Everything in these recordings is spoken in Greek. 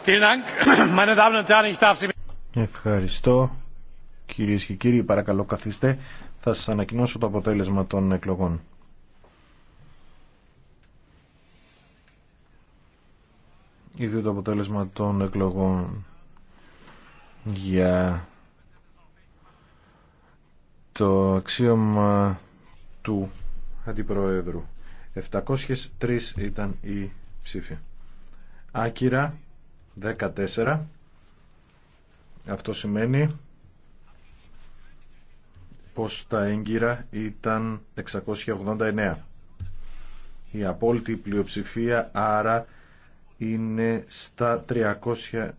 Ευχαριστώ. Κυρίες και κύριοι, παρακαλώ καθίστε. Θα σας ανακοινώσω το αποτέλεσμα των εκλογών. Ήδη το αποτέλεσμα των εκλογών για το αξίωμα του Αντιπροέδρου. 703 ήταν η ψήφοι. Άκυρα 14. Αυτό σημαίνει πως τα έγκυρα ήταν 689. Η απόλυτη πλειοψηφία άρα είναι στα 300,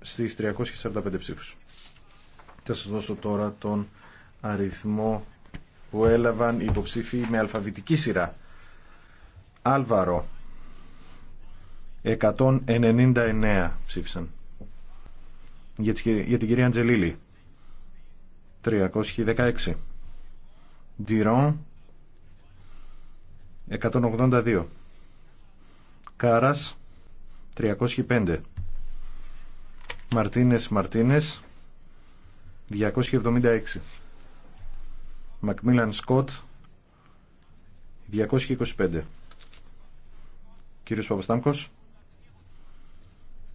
στις 345 ψήφους. Θα σας δώσω τώρα τον αριθμό που έλαβαν οι υποψήφοι με αλφαβητική σειρά. Άλβαρο 199 ψήφισαν. Για την κυρία Αντζελίλη. 316. Ντιρόν. 182. Κάρας. 305. Μαρτίνες Μαρτίνες. 276. Μακμίλαν Σκοτ. 225. Κύριος Παπαστάμκος.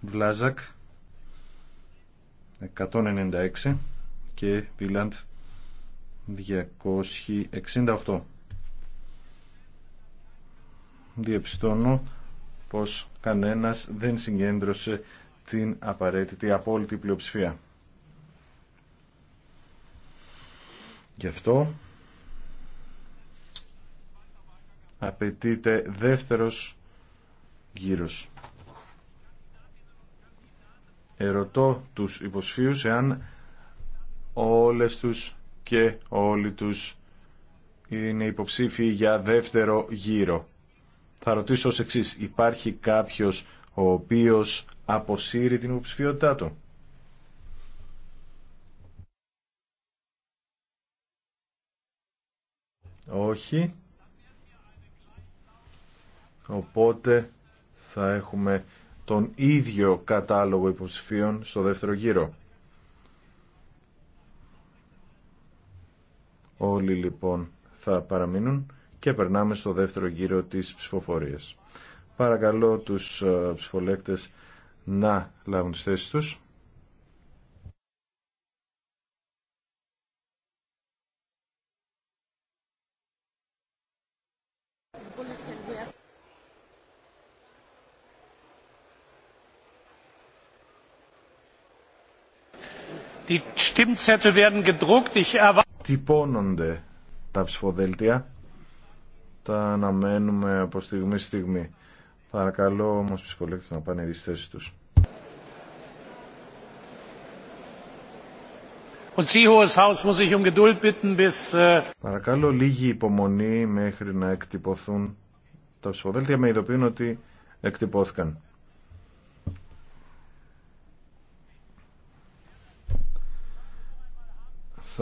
Βλάζακ 196 και Βίλαντ 268. Διεπιστώνω πως κανένας δεν συγκέντρωσε την απαραίτητη απόλυτη πλειοψηφία. Γι' αυτό απαιτείται δεύτερος γύρος. Ερωτώ τους υποσφίους εάν όλες τους και όλοι τους είναι υποψήφοι για δεύτερο γύρο. Θα ρωτήσω ως εξής. Υπάρχει κάποιος ο οποίος αποσύρει την υποψηφιότητά του. Όχι. Οπότε θα έχουμε τον ίδιο κατάλογο υποψηφίων στο δεύτερο γύρο. Όλοι λοιπόν θα παραμείνουν και περνάμε στο δεύτερο γύρο της ψηφοφορίας. Παρακαλώ τους ε, ψηφολέκτες να λάβουν τις θέσεις τους. Τυπώνονται τα ψηφοδέλτια. Τα αναμένουμε από στιγμή στιγμή. Παρακαλώ όμως ψηφολέκτες να πάνε στι θέσεις τους. Παρακαλώ λίγη υπομονή μέχρι να εκτυπωθούν τα ψηφοδέλτια. Με ειδοποιούν ότι εκτυπώθηκαν.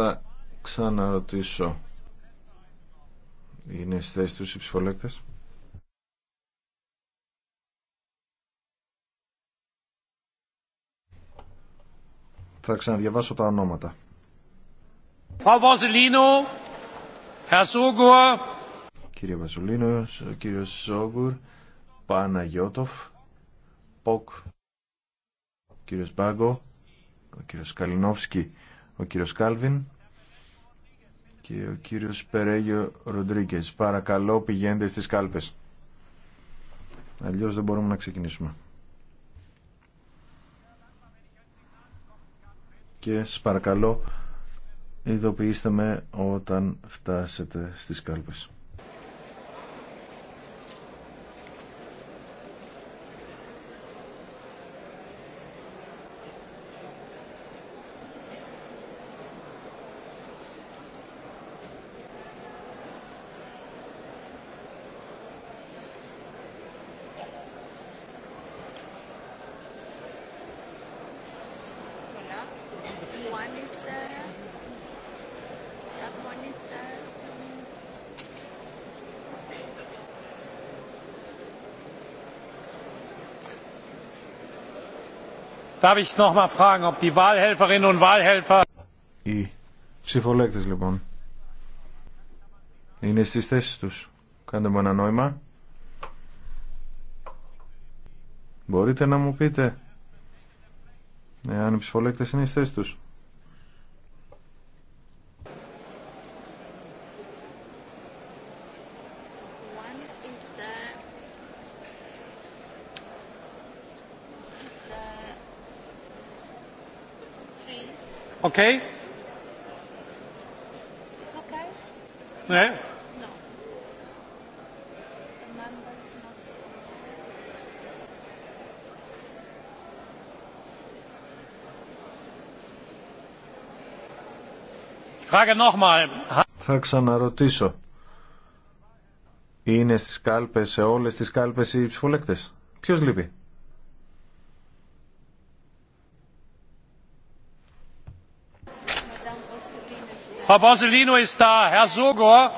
θα ξαναρωτήσω. Είναι στη θέση τους οι ψηφολέκτες. Θα ξαναδιαβάσω τα ονόματα. Frau Borsellino, Herr Κύριε Βασουλίνο, κύριο Σόγκουρ, Παναγιώτοφ, Ποκ, κύριος Μπάγκο, ο κύριος Καλινόφσκι, ο κύριος Κάλβιν και ο κύριος Περέγιο Ροντρίκες. Παρακαλώ πηγαίνετε στις κάλπες. Αλλιώς δεν μπορούμε να ξεκινήσουμε. Και σας παρακαλώ ειδοποιήστε με όταν φτάσετε στις κάλπες. Darf ich noch mal Οι ψηφολέκτες λοιπόν είναι στις θέσεις τους. Κάντε μου ένα νόημα. Μπορείτε να μου πείτε εάν οι ψηφολέκτες είναι στις θέσεις τους. Okay? It's okay? Yeah? Ναι. No. The member not. Frage nochmal. Θα ξαναρωτήσω. Είναι στις κάλπες, σε όλες τις κάλπες οι ψηφολέκτες. Ποιος λείπει. Frau Borsellino ist da. Herr Sogor.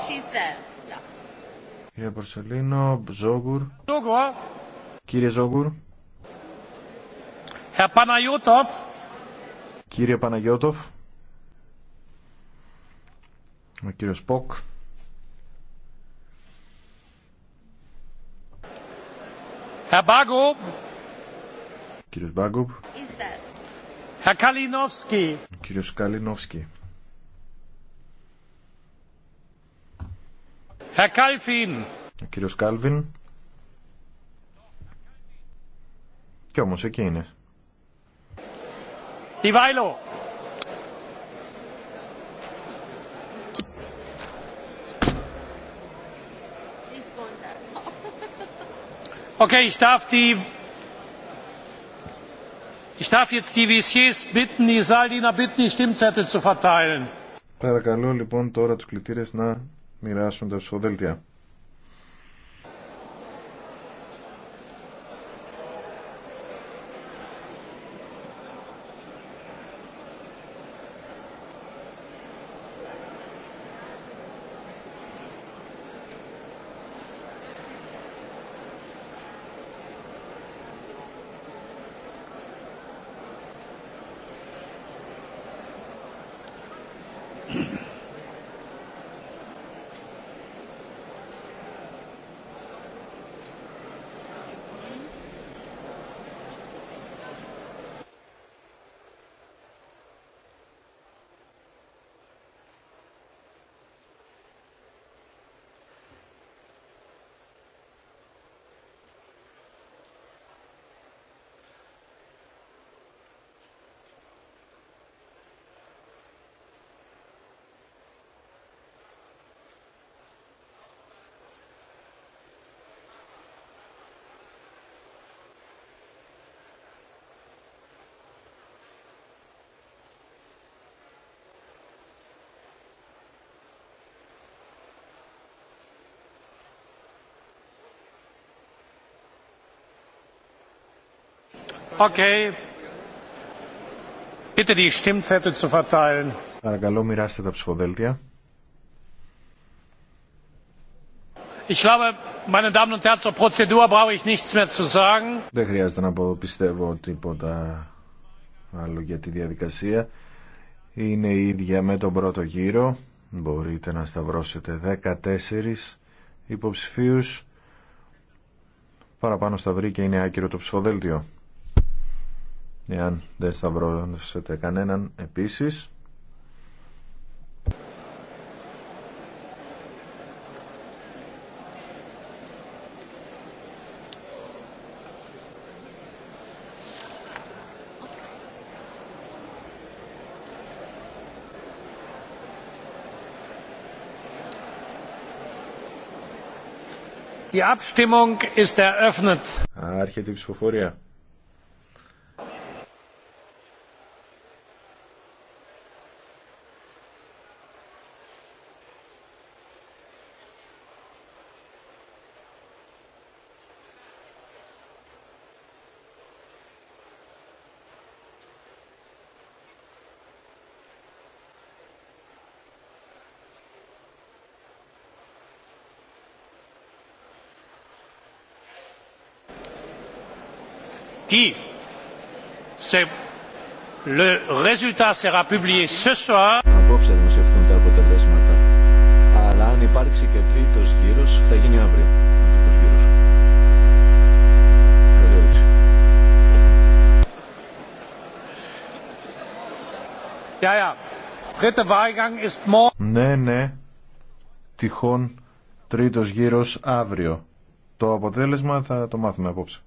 Κύριε Μπορσελίνο, Ζόγκουρ. Κύριε Ζόγκουρ. Herr Παναγιώτοφ. Κύριε Παναγιώτοφ. Ο Ποκ. Herr Μπάγκουπ. Κύριος Ο κύριος Κάλβιν. Κι όμω εκεί είναι. Παρακαλώ λοιπόν τώρα του κλητήρε να μοιράσουν τα ψηφοδέλτια. Παρακαλώ μοιράστε τα ψηφοδέλτια. Ich glaube, meine Damen und Herren, zur Prozedur brauche ich nichts mehr zu sagen. Δεν χρειάζεται να πω, πιστεύω, τίποτα άλλο για τη διαδικασία. Είναι η ίδια με τον πρώτο γύρο. Μπορείτε να σταυρώσετε 14 υποψηφίους. Παραπάνω σταυρή και είναι άκυρο το ψηφοδέλτιο εάν δεν σταυρώσετε κανέναν επίσης. Die Abstimmung ist eröffnet. Άρχεται η ψηφοφορία. qui c'est le résultat sera publié ce soir. Απόψε δημοσιευθούν τα αποτελέσματα. Αλλά αν υπάρξει και τρίτος γύρος θα γίνει αύριο. Ja, ja. Dritte Wahlgang ist morgen. Ναι, ναι. Τυχόν τρίτος γύρος αύριο. Το αποτέλεσμα θα το μάθουμε απόψε.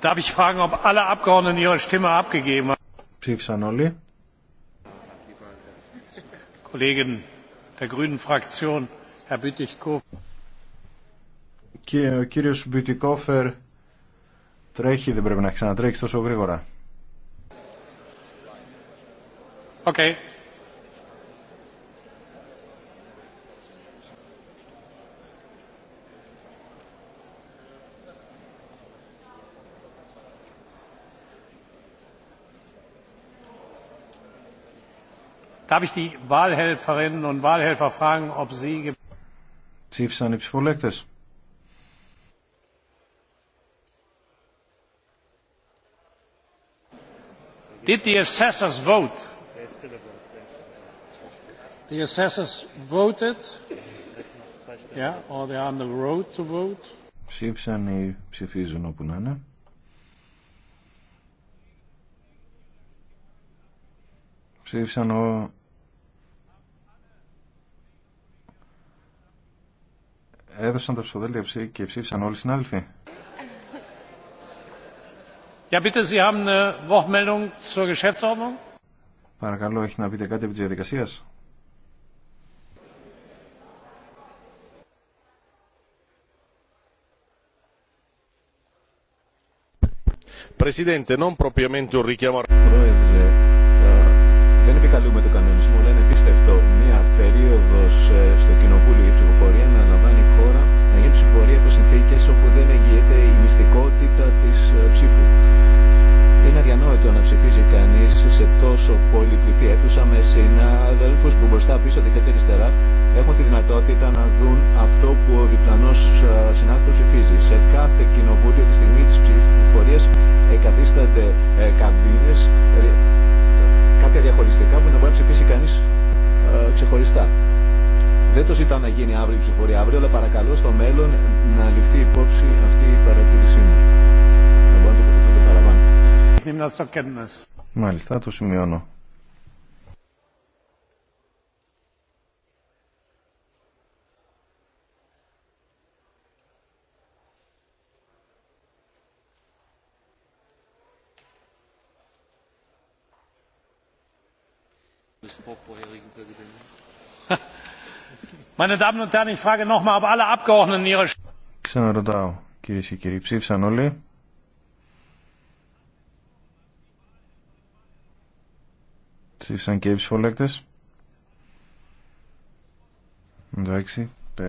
Darf ich fragen, ob alle Abgeordneten ihre Stimme abgegeben haben? Ψήφισαν όλοι. Kollegen der Grünen Fraktion, Herr Bütikofer. Και ο κύριος Bütikofer τρέχει, δεν πρέπει να ξανατρέξει τόσο γρήγορα. Okay. Darf ich die Wahlhelferinnen und Wahlhelfer fragen, ob sie... Ψήφισαν οι ψηφολέκτες. Did the assessors vote? The assessors voted. Yeah, or they are on the road to vote. Ψήφισαν ή ψηφίζουν όπου να είναι. Ψήφισαν ο έδωσαν τα ψηφοδέλτια και ψήφισαν όλοι οι συνάδελφοι. Ja, bitte, Sie haben eine Wortmeldung zur Geschäftsordnung. Παρακαλώ, έχει να πείτε κάτι από τη διαδικασία. Presidente, non propriamente un richiamo. Πρόεδρε, δεν επικαλούμε το κανονισμό, αλλά είναι πίστευτο μία περίοδος ε, στο Κοινοβούλιο όπου δεν εγγυέται η μυστικότητα της ε, ψήφου. Είναι αδιανόητο να ψηφίζει κανείς σε τόσο πολυπληθή αίθουσα με συναδέλφους που μπροστά πίσω δεξιά και αριστερά έχουν τη δυνατότητα να δουν αυτό που ο διπλανός ε, συνάδελφος ψηφίζει. Σε κάθε κοινοβούλιο τη στιγμή της ψηφοφορίας εκαθίστανται ε, καμπίνες, ε, ε κάποια διαχωριστικά που να μπορεί να ψηφίσει κανείς ξεχωριστά. Δεν το ζητάω να γίνει αύριο η ψηφορία αύριο, αλλά παρακαλώ στο μέλλον να ληφθεί υπόψη αυτή η παρατήρησή μου. Να μπορώ να το πω το παραπάνω. Μάλιστα, το σημειώνω. Ξαναρωτάω, κυρίε και κύριοι, ψήφισαν όλοι. Ψήφισαν και οι ψηφολέκτε. Εντάξει,